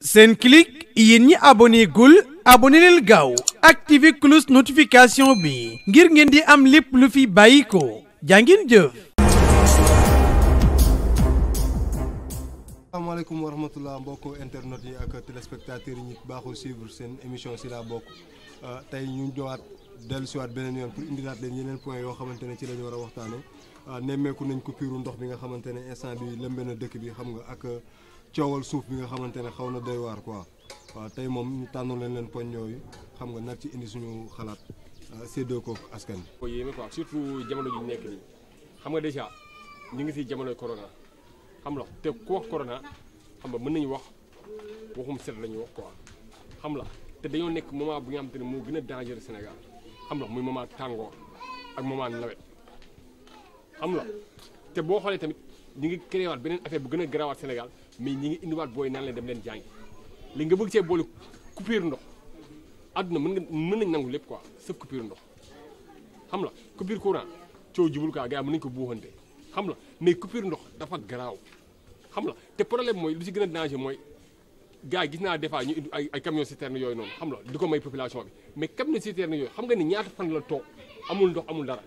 Senclic yéen ñi abonné gul abonné leen gaaw activé cloche notification bi ngir ngeen di am lépp lu fi bàyyi ko jàngin jëf. asalaamaaleykum wa rahmatulah mbokk internet yi ak yi ñu baaxul suivre seen émission si bokk euh, tey ñu ñëwaat dellu siwaat beneen yoon pour indilaat leen yeneen point yoo xamante ne ci la ñu war a waxtaanee euh, nemmeeku nañ ko piiru ndox bi nga xamante ne instant bi lëmbe dëkk bi xam nga ak. coowal suuf bi nga xamante ne xaw na doy waar quoi waaw tey moom ñu tànn leen leen poñ yooyu xam nga nar ci indi suñu xalaat euh, séddoo koog askan bi. yéeme quoi surtout jamono ju nekk nii xam nga dèjà ñu ngi si jamonoy corona xam la te ku wax corona xam nga mën nañu wax waxum set la ñu wax quoi xam la te dañoo nekk moom bi nga xam te ne moo gën a dangereux Sénégal xam la muy moment tàngoor ak moment nawet xam la te boo xoolee tamit ñu ngi créé waat beneen affaire bu gën a garaawaat Sénégal. mais ñi ngi indiwaat booy naan leen dem leen jàng li nga bëgg see boole coupure ndox àdduna mën nga mën nañ nangu lépp quoi sëf coupure ndox xam la coupure courant coow jubul quoi gars yi mën nañ ko buuxante xam la mais coupure ndox dafa garaaw xam la te problème mooy lu si gën a danger mooy gars yi gis naa des fois ñu indi ay ay camion citerne yooyu noonu xam la di ko may population bi mais camion citerne yooyu xam nga ni ñaata fan la toog amul ndox amul dara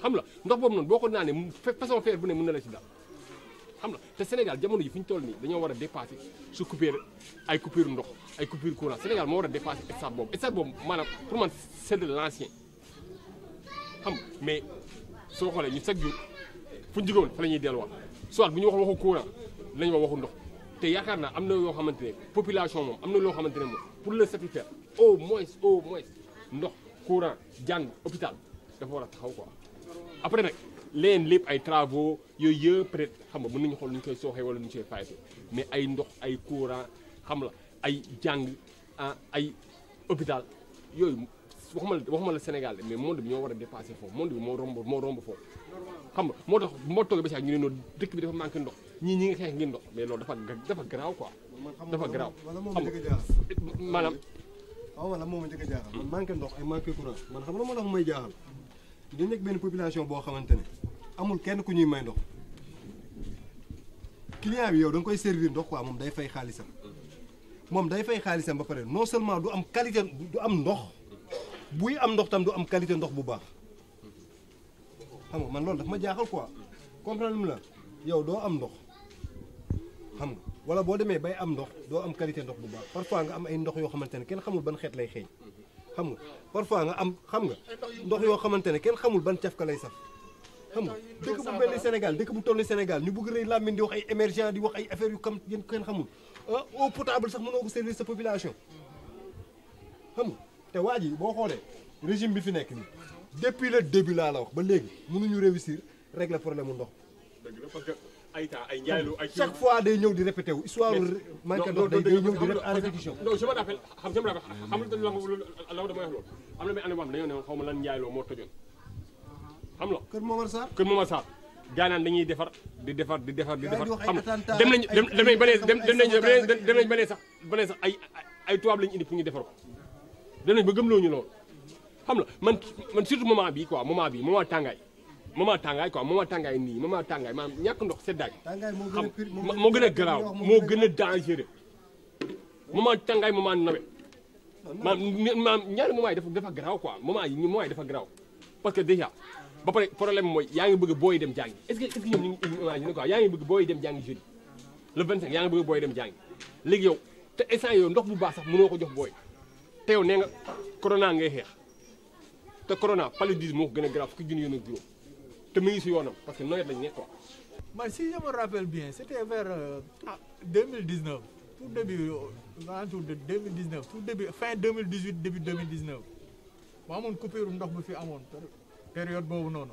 xam la ndox boobu noonu boo ko naanee façon faire bu ne mën na la ci dara xam na te Sénégal jamono ji fi ñu toll nii dañoo war a dépasser su coupure ay coupure ndox ay coupure courant Sénégal moo war a dépasser stade boobu stade boobu maanaam pour man c'est de l'ancien mais soo xoolee ñu chaque jour fu ñu fa la ñuy delluwaat soit bu ñu wax waxu courant dinañ wax waxu ndox te yaakaar naa am na yoo xamante ne population moom am na loo xamante ne moom pour le satisfaire au mois au moins ndox courant jàng hôpital dafa war a taxaw quoi après leen lépp ay travaux yooyu yëpp peut être xam nga mën nañu xool nu ñu koy sooxee wala nu ñu koy fayatoo mais ay ndox ay courant xam la ay jàng ah, ay hôpital yooyu waxuma la waxuma la Sénégal mais monde bi ñoo war a dépassé foofu monde bi moo romb moo romb foofu. xam nga moo tax moo toogee ba si ñu ne noonu dëkk bi dafa manqué ndox ñii ñi nga xeex ngeen ndox mais loolu dafa dafa garaaw quoi. dafa garaaw xam nga maanaam. waaw man la moom la njëkk a jaaxal. man manqué ndox ay manqué courant man xam nga moo tax may jaaxal. dañ nekk benn population boo xamante ne amul kenn ku ñuy may ndox client bi yow da koy servir ndox quoi moom day fay xaalisam moom day fay xaalisam ba pare non seulement du am qualité du am ndox buy am ndox tam du am qualité ndox bu baax xam nga man loolu daf ma jaaxal quoi comprendre mu la yow doo am ndox xam nga wala boo demee bay am ndox doo am qualité ndox bu baax parfois nga am ay ndox yoo xamante ne kenn xamul ban xeet lay xeeñ xam nga parfois nga am xam nga ndox yoo xamante ne kenn xamul ban cafka lay saf xam nga dëkk bu mel ni Sénégal dëkk bu toll ni Sénégal ñu bugg rëy làmmiñ di wax ay émergent di wax ay affaire yu kam yéen kenn xamul ah eau potable sax mënoo ko servir sa population xam nga te waa yi boo xoolee régime bi fi nekk nii depuis le début laa la wax ba léegi mënuñu réussir régler problème mu ndox dëgg la parce que ay temps ay njaay lu ay chaque fois day ñëw ñëw di répété en répétition non je me rappelle xam je xam la la dama wax loolu na may année boo xaw ma lan njaay moo tojoon xam nga kër Momar Sarr kër Momar Sarr gaa defar di defar di defar di defar xam nga dem nañ dem ba nee dem nañ ba nee sax ba nee sax ay ay tubaab lañu indi pour ñu defar ko dem nañ ba gëmloo ñu loolu xam nga man man surtout moment bi quoi moment bi moment tàngaay moment tàngaay quoi moment tàngaay nii moment tàngaay maanaam ñàkk ndox seddaay. tàngaay moo gën a garaaw moo gën a dangereux. moment tàngaay moment nawet. maam maam ñaari moment yi dafa dafa garaaw quoi moment yi moment yi dafa garaaw parce que déjà ba pare problème mooy yaa ngi bëgg booy dem jàngi est-ce que est ñu ngi imaginer yaa ngi bëgg booy dem jàngi jeudi le 25 yaa ngi bëgg booy dem jàngi léegi yow te instant yow ndox bu baax sax mënoo ko jox booy te yow nee nga corona ngay xeex te corona paludisme moo ko gën a garaaw fukki junni yoon te mu ngi si yoonam parce que nawet lañ nekk ko man si je me rappelle bien c' était vers euh, ah 2019 tout début alentour euh, de 2019 tout début fin 2018 début 2019 mu amoon coupure ndox bu fi amoon période boobu noonu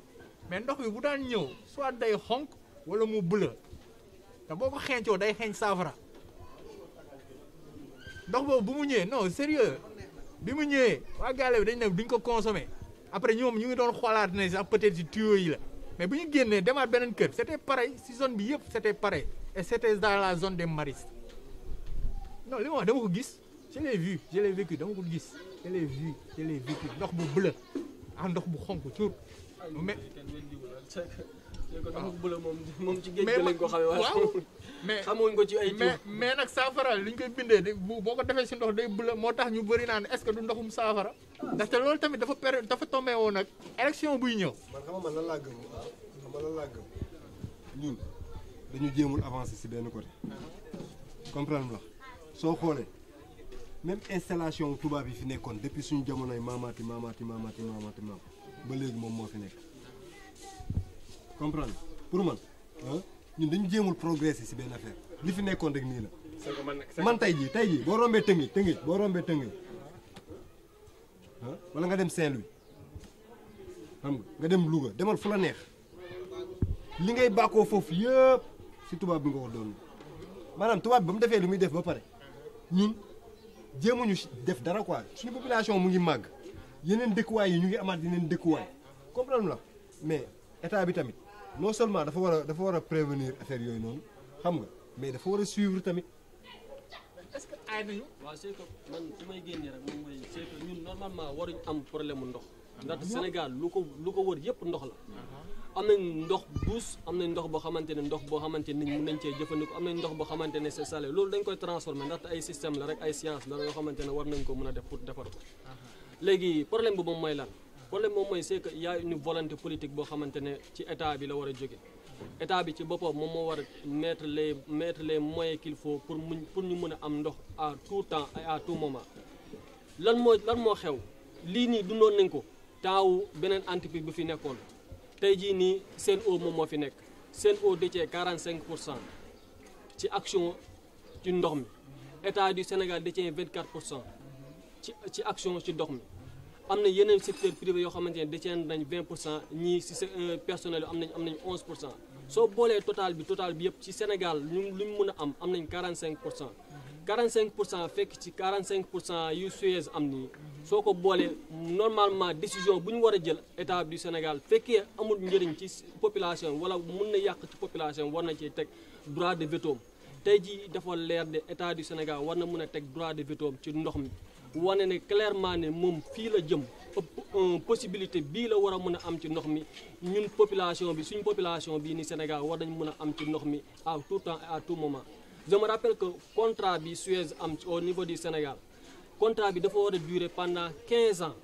mais ndox bi bu daan ñëw soit day xonk wala mu bleu te boo ko xeeñcoo day xeeñ saafara ndox boobu bu mu ñëwee non sérieux bi mu ñëwee waa gaale bi dañ ne duñ ko consommer après ñoom ñu ngi doon xoolaat ne sax peut-être ci yi la. mais bu ñu génnee demaat beneen kër c'était pareil si zone bi yëpp c'était pareil et c'était dans la zone des maristes non li ma wax dama ko gis je l'ai vu je l'ai vécu dama ko gis je l'ai vu je l'ai vécu ndox bu bleu ak ah, ndox bu xonk cuur mais mais xamuñ ko ci ay mais mais nag saafara li ñu koy bindee de boo ko defee si ndox day bleu moo tax ñu bëri naan est-ce que du ndoxum saafara ndaxte loolu tamit dafa per dafa tombé woon nag élection buy ñëw. man xam nga man lan laa gëm ah xam nga lan laa gëm ñun dañu jéemul avancer si benn côté comprendre la soo xoolee même installation tubaab yi fi nekkoon depuis suñu jamonoy maamaati maamaati maamaati maamaati maam ba léegi moom moo fi nekk comprendre pour man ah ñun dañu jéemul progresser si benn affaire li fi nekkoon rek nii la. man tey jii tey jii boo rombee tëngeej tëngeej boo rombee tëngeej. wala nga dem Saint-Louis xam nga nga dem Louga demal fu la neex li ngay bàkkoo foofu yëpp si tubaab bi nga ko doon maanaam tubaab bi ba mu defee lu muy def ba pare ñun jéemuñu def dara quoi suñu population mu ngi màgg yeneen dëkkuwaay yi ñu ngi amaat yeneen dëkkuwaay comprendre la mais état bi tamit non seulement dafa war a dafa war a prévenir affaire yooyu noonu xam nga mais dafa war a suivre tamit. aay nañu. waaw c'est man su may génnee rek moom mooy c'est ñun normalement waruñ am problème mu ndox. ndaxte Sénégal lu ko lu ko wër yëpp ndox la. Uh-huh. am nañ ndox douce am nañ ndox boo xamante ne ndox boo xamante ne mën nañ cee jëfandikoo am nañ ndox boo xamante ne c'est salé loolu dañ koy transformer ndaxte ay système la rek ay science la yoo xamante ne war nañ ko mën a def pour defar ko. Uh-huh. léegi problème bi moom mooy lan problème moom mooy c'est que y a une volonté politique boo xamante ne ci état bi la war a jóge état bi ci boppam moom moo war a mettre les mettre les moyens qu'il faut pour muñ pour ñu mën a am ndox à tout temps et à tout moment lan moo lan moo xew lii nii dundoon nañ ko taawu beneen entreprise bu fi nekkoon tey jii nii Sen'Eau moom moo fi nekk Sen'Eau détient 45 pour cent ci action ci ndox mi état du Sénégal détient 24 pour cent ci ci action ci ndox mi am na yeneen secteur privé yoo xamante ne détient nañ 20 pour cent ñii si euh, personnel am nañ am nañ 11 pour cent. soo boolee total bi total bi yëpp ci Sénégal ñu mun a am am nañ 45 pour cent 45 pour cent fekk ci 45 pour cent yu Suez am nii soo ko boolee normalement décision bu ñu war a jël état du Sénégal fekkee amul njëriñ ci population wala mun na yàq ci population war na cee teg droit de veto tey jii dafa leer de état du Sénégal war na mën a teg droit de veto ci ndox mi wane ne clairement ne moom fii la jëm. possibilité bii la war a mën a am ci ndox mi ñun population bi suñu population bii ni Sénégal war nañ mën a am ci ndox mi à tout temps et à tout moment je me que contrat bi Suez am au niveau du Sénégal contrat bi dafa war a durer pendant 15 ans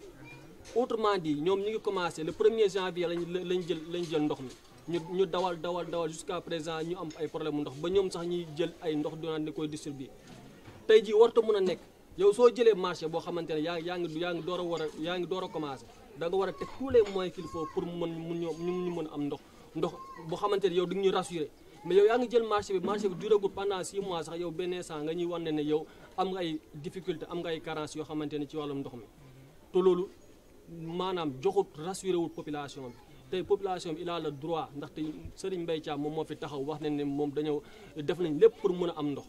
autrement dit ñoom ñu ngi commencé le premier janvier lañ lañ jël lañ jël ndox mi ñu ñu dawal dawal dawal jusqu'à présent ñu am ay problème ndox ba ñoom sax ñuy jël ay ndox doonaan di koy distribuer tey jii warta mën a nekk yow soo jëlee marché boo xamante ne yaa yaa ngi yaa door a war a yaa ngi door a commencé da nga war a teg tous les moyens qu'il faut pour mën mun ñu mën am ndox ndox boo xamante ne yow di nga ñu rassuré mais yow yaa ngi jël marché bi marché bi duragul pendant 6 mois sax yow benn instant nga ñuy wane ne ne yow am nga ay difficulté am nga ay carence yoo xamante ne ci wàllu ndox mi te loolu maanaam joxut rassuré wul population bi tey population bi il a le droit ndaxte Serigne Mbaye moom moo fi taxaw wax ne ne moom dañoo def nañ lépp pour mën a am ndox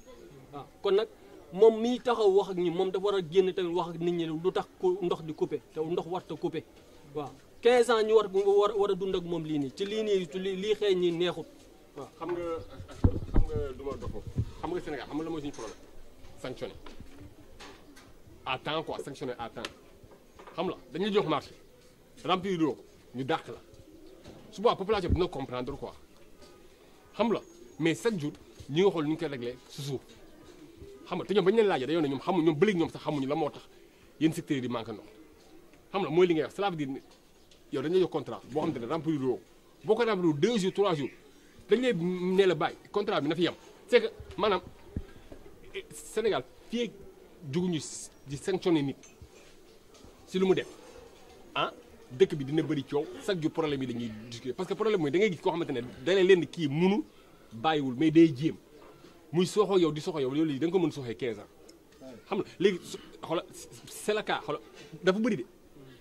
waaw kon nag moom miy taxaw wax ak ñi moom dafa war a génn tamit wax ak nit ñi lu tax ku ndox di coupé te ndox warta coupé waaw 15 ans ñu war war war a dund ak moom lii nii ci lii nii lii xëy ñi neexut waaw. xam nga xam nga du ma doxoo xam nga Sénégal xam nga la mooy suñu à temps quoi sanctionné à xam la dañuy jox marché remplir loo ñu dàq la suba population bi dina comprendre quoi xam la mais chaque jour ñu nga xool ñu ngi koy réglé su suuf. xam te ñoom bañ leen laajee dañoo ne ñoom xamuñ ñoom bëleeg ñoom sax xamuñu la moo tax yéen secteurs yi di manqué ndox xam nga mooy li ngay wax cela veut dire yow dañu la jox contrat boo xam te ne remplir loo boo ko remplir deux jours trois jours dañ lay ne contrat bi na fi yem c'est que maanaam Sénégal fii ak juguñu di yi nit si lu mu def ah dëkk bi dina bëri coow chaque jour problème yi dañuy discuter parce que problème mooy da ngay gis koo xamante ne da leen kii munu bàyyiwul mais day jéem. muy sooxoo yow di sooxoo yow loolu da nga ko mën sooxee 15 ans xam nga léegi xoola c'est le cas dafa bëri de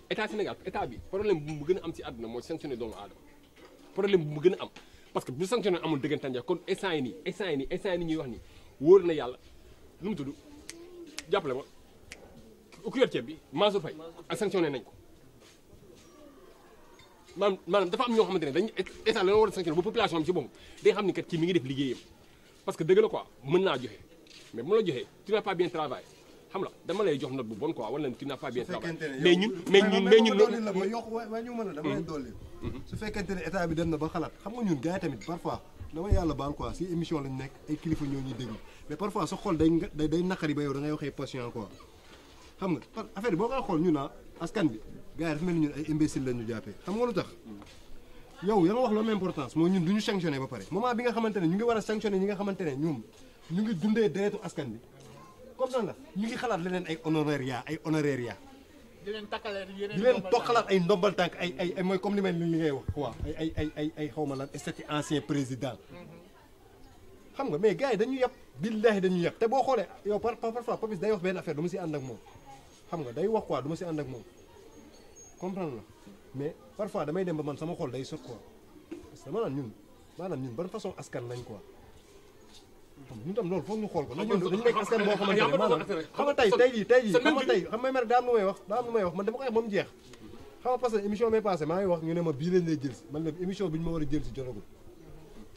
état Sénégal état bi problème bu mu gën a am ci àdduna mooy sanctionné doomu aadama problème bu mu gën a am parce que bu sanctionné amul dëggantaan ja kon instant yi nii instant yi nii instant yi nii ñuy wax nii wóor na yàlla lu mu tudd jàppale ma ku yor ceeb bi Mansour Faye ak sanctionné nañ ko maanaam maanaam dafa am ñoo xamante ne dañ état la war a sanctionné ba population am ci mi ngi def liggéeyam parce que dëgg ko quoi mën naa joxe mais bu ma la joxee tu n'as pas bien travaillé xam la dama lay jox note bu bon quoi wala tu n'as pas bien travaillé mais ñun mais ñun mais ñun dolli a mm-hmm. Mm-hmm. ba xalaat xam nga tamit parfois dama yàlla baal quoi si émission lañ nekk ay kilifa ñoo ñuy déglu mais parfois sa xol day day day naqari ba yow da ngay waxee patient quoi xam nga affaire boo koy xool ñu naa ah, askan bi gars yi dafa mel ni ñun ay imbécile la jàppee xam nga lu tax yow ya nga wax loolu importance mooy du ñu sanctionné ba pare moment bi nga xamante ñu ngi war a sanctionné ñi nga xamante ne ñoom ñu ngi dundee deretu askan bi comme ça la ngi xalaat leneen ay honoraria ay honoraria di leen takkale di leen toqalaat ay ndombal tànk ay ay ay mooy comme li may li ngay wax quoi ay ay ay ay ay xaw ma président mm-hmm. xam nga mais gars yi dañu yàpp billaahi dañu yàpp te boo xoolee yow par parfois Papis day wax benn affaire du ma si xam nga day wax quoi du ma ak moom comprendre la parfois damay dem ba man sama xol day sot quoi parce que maanaam ñun maanaam ñun ban façon askan lañ quoi ñun tam loolu foog ñu xool ko na ñun dañu tey tey jii tey jii xam nga tey xam ñu ne ma bii lay jël si man la émission bi ñu ma war a jël si jotagul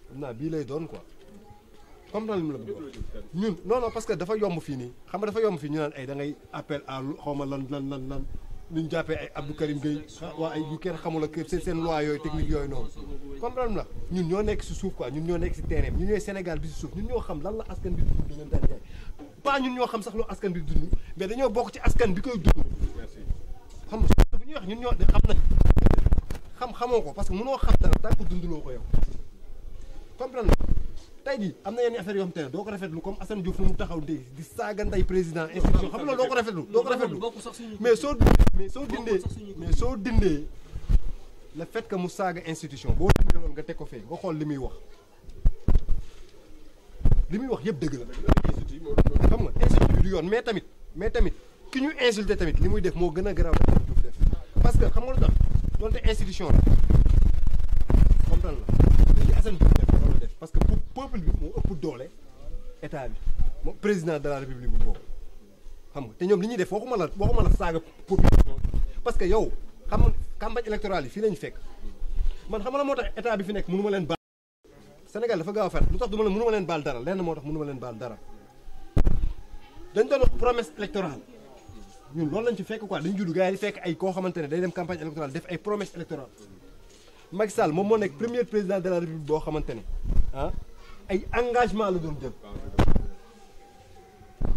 xam naa bii lay doon quoi comprendre lim la bëgg ñun non non que dafa yomb fii nii xam nga dafa yomb fii ñu naan ay da ngay appel à ma lan lan lan lu ñu jàppee ay Abdou Karim Gueye waa ay yu kenn xamul ak seen seen loi yooyu technique yooyu noonu comprendre la ñun ñoo nekk si suuf quoi ñun ñoo nekk si terrain ñun ñooy Sénégal bi si suuf ñun ñoo xam lan la askan bi dund dañu daan ñoo xam sax lu askan bi dund mais dañoo bokk ci askan bi koy dund xam nga bu ñuy wax ñun ñoo xam nañ xam xamoo ko parce que mënoo xam dara tant que dunduloo ko yow comprendre tey am na yenn affaire yoo xam te doo ko rafetlu comme Assane Diouf nu mu taxaw di di saaga nday président institution xam nga loolu doo ko rafetlu doo ko rafetlu mais soo mais soo dindee mais soo dindee la fait mu saaga institution boobu dindee loolu nga teg ko fee nga xool li muy wax li muy wax yëpp dëgg la xam nga institut du yoon mais tamit mais tamit ki ñu insulté tamit li muy def moo gën a garaaw Assane def parce que xam nga lu tax doonte institution la comprendre la doole état bi moom président de la république bu boobu xam nga te ñoom li ñuy def waxuma la waxuma la saaga population parce que yow xam nga campagne électorale yi fii lañu fekk man xam nga moo tax état bi fi nekk mënu ma leen baal Sénégal a fen lu tax leen baal dara lenn moo tax mënu ma leen baal dara dañ doon wax promesse électorale ñun loolu lañ ci fekk quoi dañu judd gars yi fekk ay koo xamante ne day dem campagne électorale def ay promesse électorale Macky moom moo nekk premier président de la boo xamante ne ah ay engagement la doon jël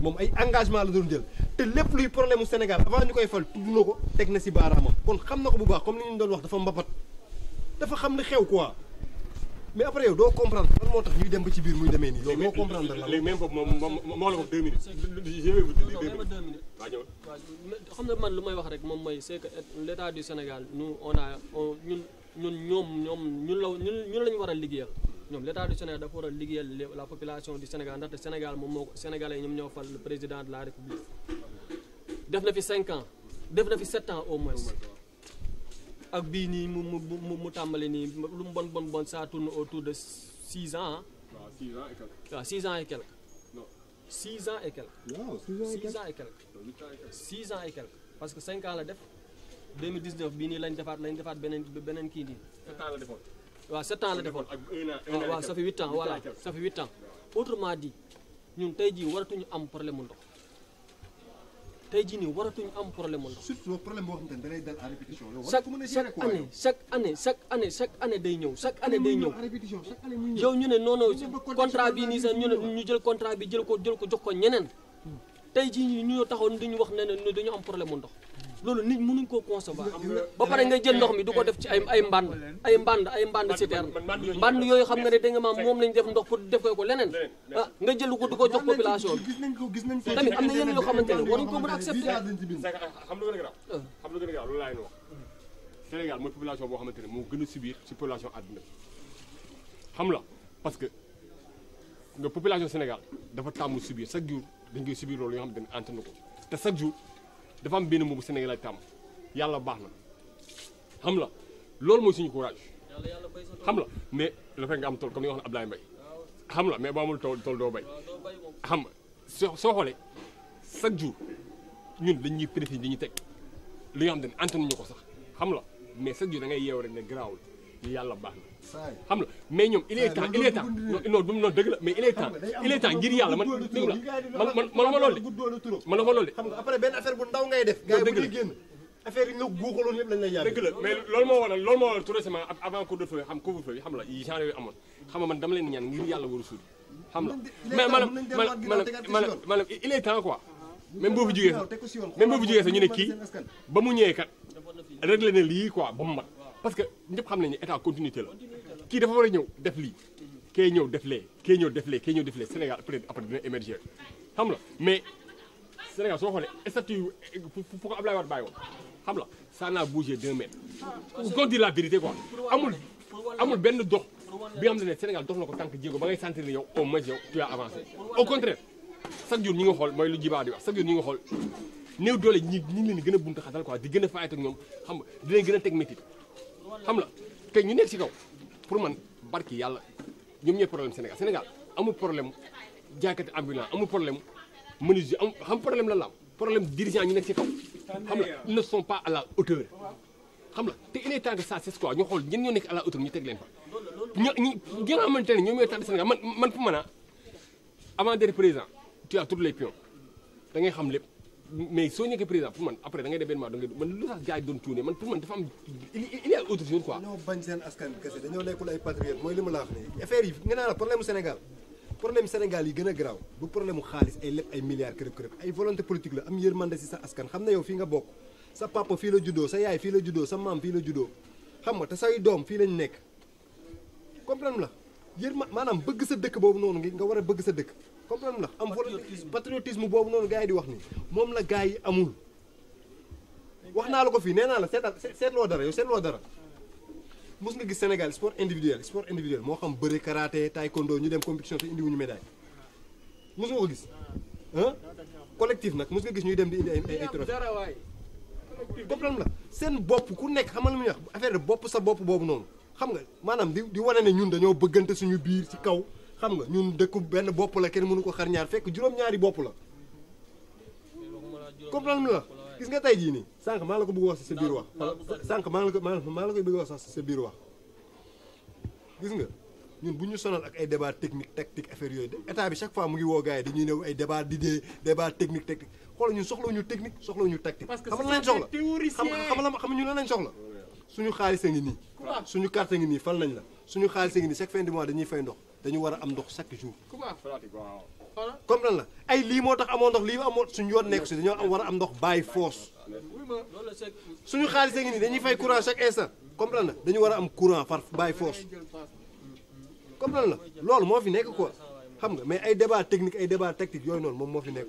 moom ay engagement la doon jël te lépp luy problème mu Sénégal avant ñu koy fal tudd na ko teg na si baaraamam kon xam na ko bu baax comme li ñu doon wax dafa mbapat dafa xam li xew quoi mais après yow doo comprendre lan moo tax ñuy dem ba ci biir muy demee nii. yow doo comprendre lan léegi même boobu moom moom moo la ko deux minutes. xam ne man lu may wax rek moom mooy c'est que l'état du Sénégal nous a ñun ñun ñoom ñoom ñun la ñun ñun lañu war a liggéeyal. ñoom l' état du Sénégal dafa war a liggéeyal la population du Sénégal ndaxte Sénégal moom moo Sénégalais ñoom ñoo fal le président de la République def na fi cinq ans def na fi sept ans au moins ak bii nii mu mu mu mu tàmbali nii lu mu bon bon bon ça tourne autour de six ans ah. waaw six ans et quelques. waaw six ans et quelques. non six ans et quelques. waaw six ans et quelques. six ans et quelques parce que cinq ans la def 2019 bii nii lañ defaat lañ defaat beneen beneen kii nii. état waaw sept ans la defoon waaw waaw ça fait huit ans voilà ça ñun tey jii waratuñu am problème mu ndox tey jii nii waratuñu am problème mu ndox. surtout problème boo xam te ne da lay dal a chaque année chaque année chaque année chaque day ñëw chaque année day ñëw. yow ñu ne non contrat bi nii sax ñu ne ñu jël contrat bi jël ko ko jox ko ñeneen. tey jii ñu ñoo taxoon duñu wax ne ne dañu am problème mu ndox. loolu nit mënuñ koo concevoir ba pare nga jël ndox mi du ko def ci ay ay mbànd ay mbànd ay mbànd citerne mbànd yooyu xam nga ne da nga maam moom lañ def ndox pour def ko leneen ah nga jël ko du ko jox population bi na yenn a accepter ah, xam lu gën a garaaw euh. xam lu gën a garaaw loolu laay wax Sénégal mooy population boo ne moo gën a subir ci population àdduna xam la parce que nga population Sénégal dafa tàmm subir chaque jour dañ koy loolu yoo xam ne antenne ko te chaque jour dafa am benn moobu Sénégal ay tàmm yàlla baax na xam la loolu mooy suñu courage xam la mais la fekk nga am tool comme ni nga wax ne Abdoulaye Mbaye xam la mais boo amul tool tool doo bay xam nga soo soo xoolee chaque jour ñun dañuy préféré di ñu teg li nga xam te ne antenne ñu ko sax xam la mais chaque jour da ngay yeew rek ne garaawul yàlla baax na xam nga mais ñoom il est temps la mais il est temps il est man dégg la man man manuma loolu de manuma loolu de xam nga après benn affaire bu ndaw ngay def yi nga guuxaloon yëpp lañ lay yàgg dëgg la mais loolu la genre yooyu amoon xam man dama leen ñaan ngir boo fi jógee même kii ba mu ñëwee kat réglé na lii quoi ba mu mat parce que ñëpp xam nañu état continuité la kii dafa war a ñëw def lii kee ñëw def lee kee ñëw def lee kee ñëw def lee Sénégal après après dina émerger xam la mais Sénégal soo xoolee statut fu ko Ablaye Wade xam la ça n'a bougé d'un mètre qu'on dit la vérité quoi amul amul benn dox bi nga xam ne Sénégal dox na ko tànk jéego ba ngay sentir yow au moins yow tu as avancé au contraire chaque jour ñi nga xool mooy lu jibaa di wax chaque jour ñi nga xool néew doole ñi ñi leen gën a buntu xatal quoi di gën a ak ñoom xam nga dinañ gën a teg xam la tey ñu nekk si kaw pour man barki yàlla ñoom ñooy problème Sénégal Sénégal amul problème jaaykati ambulant amul problème menuisier am xam problème la la am problème dirigeant ñu nekk ci kaw xam la ils ne sont pas à la hauteur xam la te il est temps que ça c'est ñu xool ñen ñoo nekk à la hauteur ñu teg leen fa ñooñu ñi nga xamante ne ñoom ñooy tax Sénégal man man fu mën a avant d'être président tu as tous les pions da ngay xam lépp mais soo nekkee président pour man après da ngay dem benn maa da ngay man lu tax gars doon tuune man pour man dafa am il y a autre chose quoi. dañoo bañ seen askan bi kese xaalis ay lépp ay milliards kërëb kërëb am yërmande si askan xam na yow nga bokk sa papa fii sa yaay fii la juddoo sa maam fii la juddoo xam nga te say doom fii lañ nekk comprendre la yërma maanaam bëgg sa dëkk boobu noonu ngi nga war a bëgg sa dëkk comprendre la am volonté patriotisme boobu noonu gars yi di wax nii moom la gars yi amul wax naa la ko fii nee naa la seetal seetloo dara yow seetloo dara mos nga gis Sénégal sport individuel sport individuel moo xam bëre karaté taekwondo ñu dem compétition te indiwuñu médaille mos nga ko gis ah collectif nag mos nga gis ñuy dem di indi ay ay trophée comprendre la seen bopp ku nekk xamal mu wax affaire de bopp sa bopp boobu noonu xam nga maanaam di di wane ne ñun dañoo bëggante suñu biir ci kaw xam nga ñun dëkk benn bopp la kenn mënu ko xar ñaar fekk juróom-ñaari bopp la comprendre la gis nga tey jii nii sànq maa la ko bëgg wax si sa biir wax sànq maa la ko maa la koy bëgg wax sax sa biir wax gis nga ñun bu ñu sonal ak ay débat technique tactique affaire yooyu de état bi chaque fois mu ngi woo gars dañuy ñëw ay débat d'idée débat technique tactique ñu ñun soxlawuñu technique soxlawuñu tactique xam nga lañ soxla xam nga xam ñu lan lañ soxla suñu xaalis a ngi nii suñu carte a la suñu xaalis a ngi nii chaque dañuy fay dañu war a am ndox chaque jour comme la ay lii moo tax amoo ndox lii amoo suñu yoon nekk si dañoo am war a am ndox bàyyi force suñu xaalis a ngi nii dañuy fay courant chaque instant comme lan la dañu war a am courant par bàyyi force comme la loolu moo fi nekk ko xam nga mais ay débat technique ay débat tactique yooyu noonu moom moo fi nekk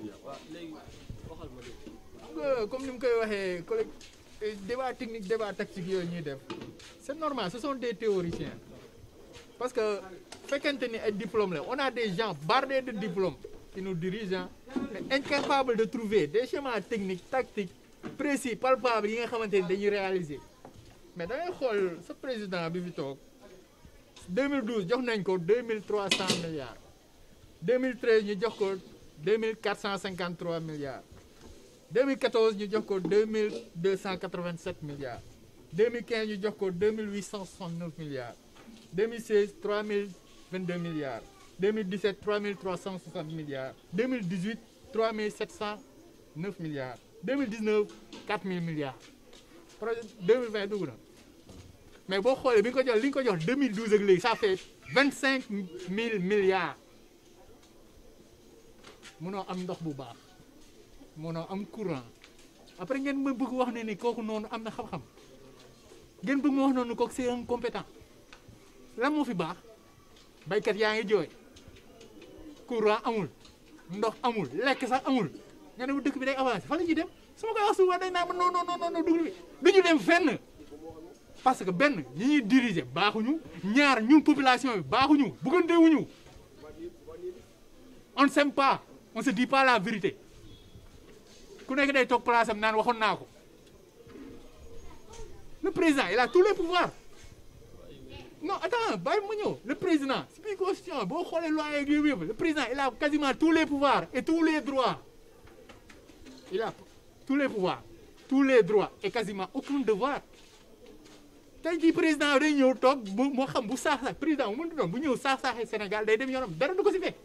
comme ni mu koy waxee collègue eh, débat technique débat tactique yooyu ñuy def c'est normal ce sont des théoriciens fekkente ni ay diplôme la on a des gens bardés de diplômes qui nous dirigent mais incapables de trouver des schémas techniques tactiques précis palpables yi nga xamante ni dañuy réaliser mais da ngay xool sa président bi fi toog 2012 jox nañ ko 2300 milliards 2013 ñu jox ko 2453 milliards 2014 ñu jox ko 2287 milliards 2015 ñu jox ko 2869 milliards 2016 3000 22 milliards 2017 3360 milliards 2018 3709 milliards 2019 4000 milliards projet 2020 dugg na mais boo xoolee bi nga ko li nga ko jox 2012 ak léegi ça fait 25000 milliards mënoo am ndox bu baax mënoo am courant après ngeen ma bëgg wax ne ni kooku noonu am na xam-xam ngeen bëgg ma wax noonu kooku c'est un compétent lan moo fi baax. béykat yaa ngi jooy courant amul ndox amul lekk sax amul nga ne bu dëkk bi day avance fa la ñuy dem su ma koy wax suba day naa ma non non non non dugub bi du ñu dem fenn parce que benn ñi ñuy diriger baaxuñu ñaar ñun population bi baaxuñu bëggantewuñu on ne s'aime pas on se di pas la vérité ku nekk day toog place am naan waxoon naa ko le président il a tous les pouvoirs. non attends bàyyi ma ñëw le président si biir constitution boo xoolee loi yeeg yooyu yëpp le président il a quasiment tous les pouvoirs et tous les droits il a tous les pouvoirs tous les droits et quasiment aucun devoir tey jii président day ñëw toog bu moo xam bu saax saax président bu mënti doon bu ñëw saax saaxee Sénégal day dem yoonam dara du ko si fekk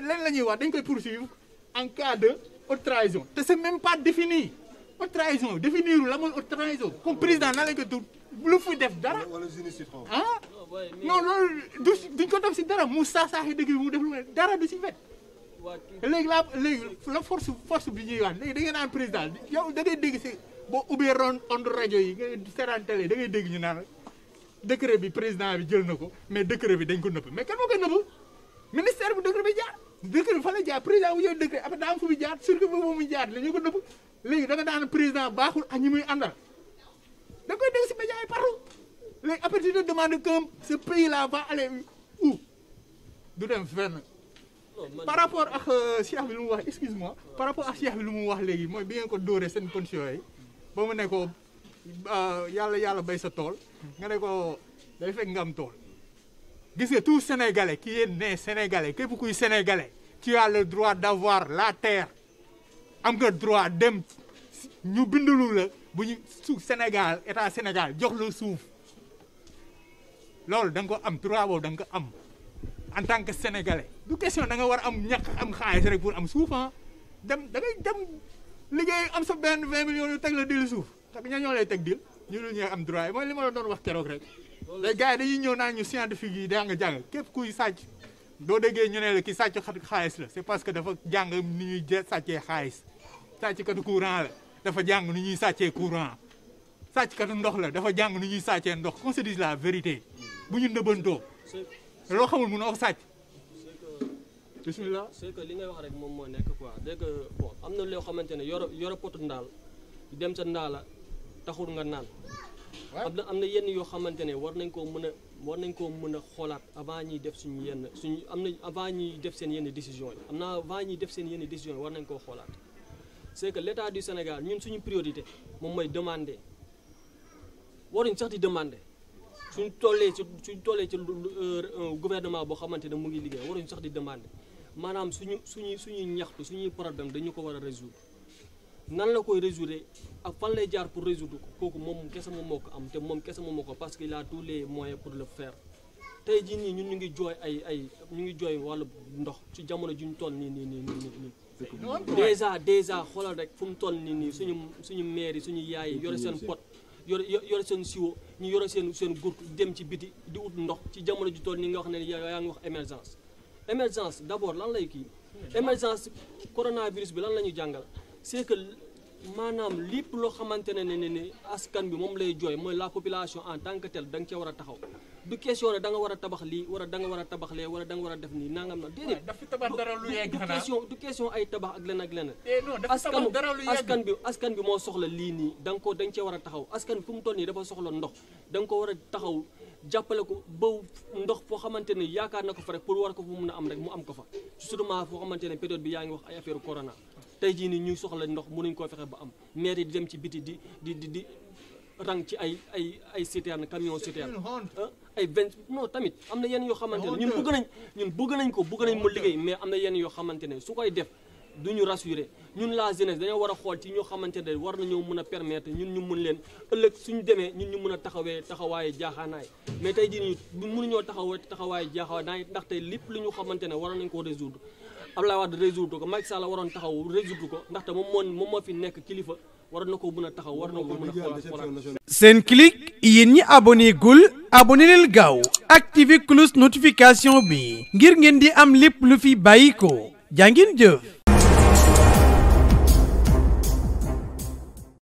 lan la ñuy wax dañ koy poursuivre en cas de haute trahison te c'est même pas défini haute trahison définir la mooy haute trahison comme président nan lañ koy lu fu def dara ah non loolu du duñ ko def si dara mu saasaaxi dëgg bi mu def lu mu dara du si fet léegi la léegi la force force bi ñuy wax léegi da ngeen naan président yow da ngay dégg si boo ubbee ron ond rajo yi nga seetaan télé dégg ñu naan décret bi président bi jël na ko mais décret bi dañ ko nëbb mais kan moo ko nëbb ministère bi jaar décret bi fa la jaar président bu jël décret après daa am mu jaar surtout ñu ko nëbb léegi da nga daan président baaxul ak ñi muy àndal da koy dégg si média yi partout léegi après tu te demandes que ce pays là va aller du dem fenn par rapport ak euh, Cheikh bi lu mu wax excuse par rapport a Cheikh bi lu mu wax léegi mooy bi ngeen ko dóoree seen condition yi ba mu ne ko euh, yàlla yàlla bay sa tool nga ne ko day fekk nga am tool gis nga tout sénégalais qui est né sénégalais képp kuy sénégalais tu as le droit d'avoir la terre am nga droit dem ñu bindalu la bu ñu suuf Sénégal état Sénégal jox la suuf loolu da nga ko am droit boobu da nga ko am en tant que sénégalais du question da nga war am ñàkk am xaalis rek pour am suuf ah dem da ngay dem liggéey am sa benn 20 millions yu teg la dil suuf xam nga ñoo lay teg dil ñu dul ñuy am droit yi mooy li ma la doon wax keroog rek. les gars yi dañuy ñëw naan ñu scientifique yi daa nga jàng képp kuy sàcc doo déggee ñu ne la ki sàcc xaalis la c'est parce que dafa jàng ni ñuy sàccee xaalis sàcc katu courant la. dafa jàng nu ñuy sàccee courant sàcckatu ndox la dafa jàng nu ñuy sàccee ndox qu'on se di la vérité bu ñu nëbbantoo loo xamul mun a wax sàcc bismillah c'est que li ngay wax rek moom moo nekk quoi dégg bon am na loo xamante ne yoro yoro potu ndaal dem sa ndaala taxul nga naan am na am na yenn yoo xamante ne war nañ koo mën a war nañ koo mën a xoolaat avant ñuy def suñu yenn suñu am na avant ñuy def seen yenn décision yi am na avant ñuy def seen yenn décision yi war nañ koo xoolaat c'est que l'état du Sénégal ñun suñu priorité moom mooy demander waruñ sax di demander suñ tollee ci suñ tollee ci euh, gouvernement boo xamante ne mu ngi liggéey waruñ sax di demander maanaam suñu suñu suñuy ñaxtu suñuy problème dañu ko war a résoudre nan la koy résoudre ak fan lay jaar pour résoudre kooku moom kese moom moo am te moom kese moom moo ko parce qu'il a tous les moyens pour le fer tey jii nii ñun ñu ngi jooy ay ay ñu ngi jooy wàllu ndox ci jamono juñ toll nii nii nii dèjà dèjà xoolal rek fu mu toll nii nii suñu suñu maire suñu yaay yi yore seen pot yore yore seen siwo ñu yore seen seen gurtu dem ci biti di ut ndox ci jamono ju toll nii nga wax ne yaa ngi wax émergence émergence d'abord lan lay kii émergence coronavirus bi lan la ñu jàngal c'est que maanaam lépp loo xamante ne ne ne askan bi moom lay jooy mooy la population en tant que telle da nga cee war a taxaw du question ne da nga war a tabax lii wala danga nga war a tabax lee wala war a def nii nangam na déedéet dafa tabax dara lu yegg xanaa du question du question ay tabax ak leneen ak leneen eh, askan askan bi moo soxla lii nii da nga ko dañ cee war a taxaw askan bi fu mu toll nii dafa soxla ndox danga ko war a taxaw jàppale ko ba ndox foo xamante ne yaakaar na ko fa rek pour war ko fu mun a am rek mu am ko fa surtout foo xamante ne période bi yaa ngi wax ay affaire corona tey jii nii ñuy soxla ndox mënuñ koo fexe ba am maire yi ci biti di di di di rang ci ay ay ay citerne camion citerne ay vingt non tamit am na yenn yoo xamante ne ñun bëgg nañ ñun bëgg nañ ko bëgg nañ mu liggéey mais am na yenn yoo xamante ne su koy def du ñu rassuré ñun la jeunesse dañoo war a xool ci ñoo xamante ne war nañoo mën a permettre ñun ñu mën leen ëllëg suñu demee ñun ñu a taxawee taxawaayu jaaxaanaay mais tey jii ñu mënuñoo taxawee taxawaayu jaaxaanaay ndax tey lépp lu ñu xamante ne war nañ ko résoudre Abdoulaye Wade résoudre ko Macky Sall waroon taxaw résoudre ko ndaxte moom moo moom moo fi nekk kilifa war na ko mën a taxaw war na ko a seen clic yéen ñi abonné gul abonné leen gaaw activé cloche notification bi ngir ngeen di am lépp lu fi bàyyi ko jaa ngeen jëf